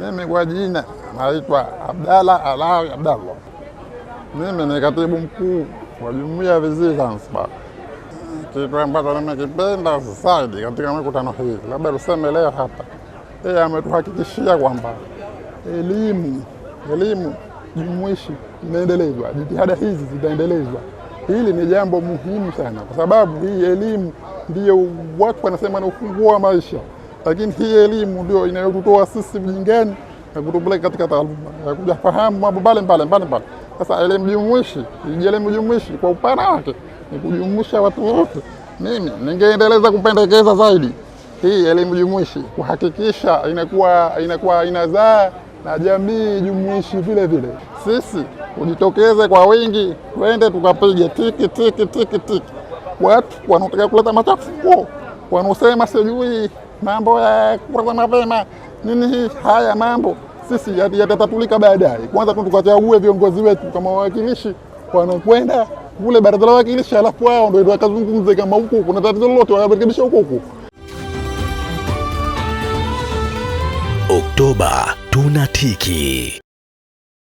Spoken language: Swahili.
Mimi kwa jina naitwa Abdalla Alawi Abdalla. Mimi ni katibu mkuu wa jumuiya ya viziwi Zanzibar. Kitu ambacho nimekipenda zaidi katika mikutano hii, labda tuseme leo hapa, yeye ametuhakikishia kwamba elimu elimu jumuishi inaendelezwa, jitihada hizi zitaendelezwa. Hili ni jambo muhimu sana, kwa sababu hii elimu ndiyo watu wanasema ni ufunguo wa maisha lakini hii elimu ndio inayotutoa sisi vijingani na kutupeleka katika taaluma ya kujafahamu mambo mbalimbali mbalimbali. Sasa elimu jumuishi, elimu jumuishi kwa upana wake ni kujumuisha watu wote. Mimi ningeendeleza kupendekeza zaidi hii elimu jumuishi kuhakikisha inakuwa inakuwa inazaa na jamii jumuishi vile vile. Sisi kujitokeze kwa wingi, twende tukapige tiki tiki tiki tiki watu wanaotaka kuleta machafuko wanaosema sijui mambo ya kuraza mapema nini hii, haya mambo sisi yatatatulika baadaye. Kwanza tukachague viongozi wetu kama wawakilishi wanakwenda kule baraza la wawakilishi, alafu wao ndio wakazungumze kama huko kuna tatizo lolote, wanarekebisha huko huko. Oktoba tunatiki.